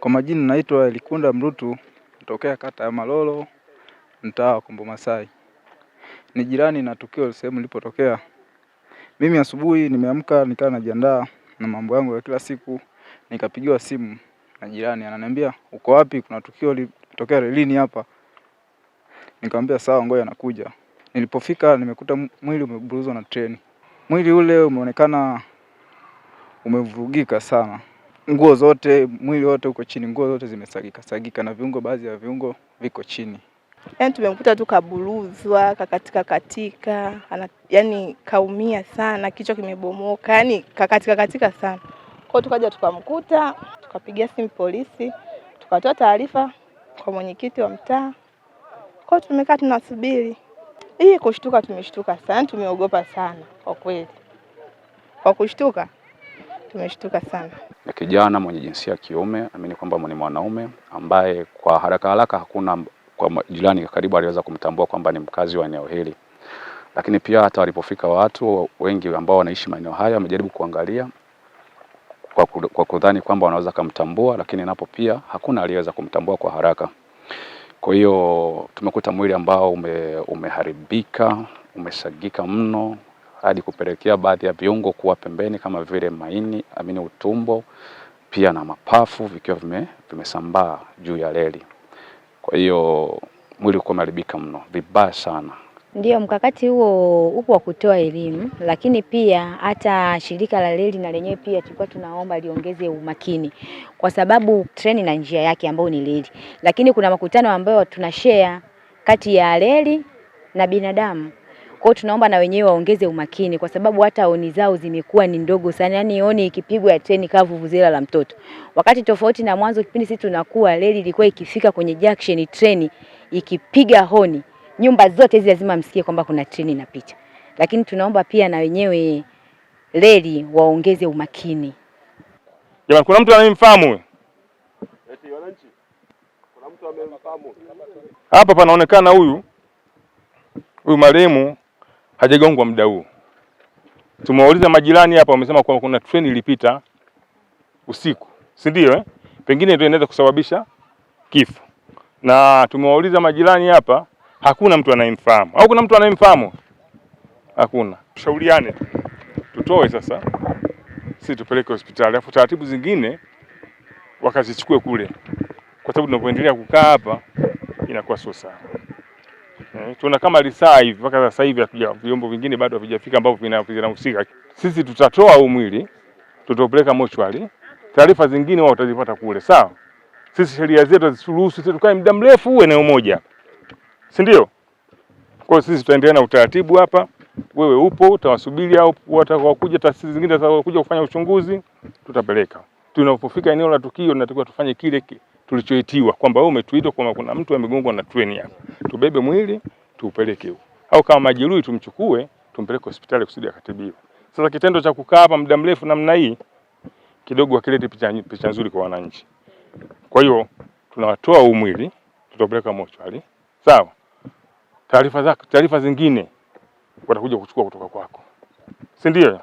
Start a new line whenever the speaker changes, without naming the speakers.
Kwa majina naitwa likunda Mrutu, natokea kata ya Malolo, mtaa wa Kombo Masai. Ni jirani na tukio sehemu lilipotokea. Mimi asubuhi nimeamka nikawa najiandaa na mambo yangu ya kila siku, nikapigiwa simu na jirani ananiambia, "Uko wapi? Kuna tukio lilitokea relini hapa?" Nikamwambia, "Sawa, ngoja nakuja." Nilipofika nimekuta mwili umeburuzwa na treni. Mwili ule umeonekana umevurugika sana nguo zote, mwili wote uko chini, nguo zote zimesagika sagika, na viungo, baadhi ya viungo viko chini.
Yaani tumemkuta tu kaburuzwa, kakatika katika, yani kaumia sana, kichwa kimebomoka, yani kakatika katika sana. Kwa hiyo tukaja tukamkuta, tukapigia simu polisi, tukatoa taarifa kwa mwenyekiti wa mtaa. Kwa hiyo tumekaa tunasubiri. Hii kushtuka, tumeshtuka sana, yaani tumeogopa sana kwa kweli, kwa kushtuka tumeshtuka sana
ya kijana mwenye jinsia ya kiume, amini kwamba ni mwanaume ambaye kwa haraka haraka hakuna kwa jirani karibu aliweza kumtambua kwamba ni mkazi wa eneo hili. Lakini pia hata walipofika watu wengi ambao wanaishi maeneo haya wamejaribu kuangalia kwa, kwa kudhani kwamba wanaweza kumtambua, lakini napo pia hakuna aliyeweza kumtambua kwa haraka. Kwa hiyo tumekuta mwili ambao ume, umeharibika umesagika mno, hadi kupelekea baadhi ya viungo kuwa pembeni kama vile maini amini, utumbo pia na mapafu vikiwa vimesambaa juu ya reli. Kwa hiyo mwili uko umeharibika mno vibaya sana.
Ndiyo, mkakati huo upo wa kutoa elimu, lakini pia hata shirika la reli na lenyewe pia tulikuwa tunaomba liongeze umakini, kwa sababu treni na njia yake ambayo ni reli, lakini kuna makutano ambayo tunashare kati ya reli na binadamu kwao, tunaomba na wenyewe waongeze umakini, kwa sababu hata oni zao zimekuwa ni ndogo sana, Yani oni ikipigwa ya treni kaa vuvuzela la mtoto, wakati tofauti na mwanzo kipindi sisi tunakuwa reli ilikuwa ikifika kwenye junction, treni ikipiga honi, nyumba zote hizi lazima msikie kwamba kuna treni inapita. Lakini tunaomba pia na wenyewe reli waongeze umakini.
Jamani, kuna mtu anayemfahamu hapa? Panaonekana huyu huyu marehemu hajagongwa muda huu. Tumewauliza majirani hapa, wamesema kwamba kuna treni ilipita usiku, si ndio eh? Pengine ndio inaweza kusababisha kifo, na tumewauliza majirani hapa, hakuna mtu anayemfahamu au kuna mtu anayemfahamu? Hakuna. Shauriane tutoe sasa, sisi tupeleke hospitali, afu taratibu zingine wakazichukue kule, kwa sababu tunapoendelea kukaa hapa inakuwa sio sawa. Eh, tuna kama risaa hivi mpaka sasa hivi hatuja vyombo vingine bado havijafika ambavyo vinahusika. Sisi tutatoa huu mwili tutaupeleka mochwali, taarifa zingine wao watazipata kule, sawa. Sisi sheria zetu hazituruhusu tukae muda mrefu eneo moja, si ndio? Kwa hiyo sisi tutaendelea na utaratibu hapa. Wewe upo utawasubiri, au watakaokuja taasisi zingine za kuja kufanya uchunguzi tutapeleka. Tunapofika eneo la tukio, tunatakiwa tufanye kile kile tulichoitiwa kwamba wewe umetuitwa kwamba kuna mtu amegongwa na treni hapa, tubebe mwili tuupeleke huko, au kama majeruhi tumchukue tumpeleke hospitali kusudi akatibiwe. Sasa kitendo cha kukaa hapa muda mrefu namna hii kidogo hakileti picha, picha nzuri kwa wananchi. Kwa hiyo tunawatoa huu mwili tutapeleka mochwali sawa. Taarifa zako, taarifa zingine watakuja kuchukua kutoka kwako, si ndio?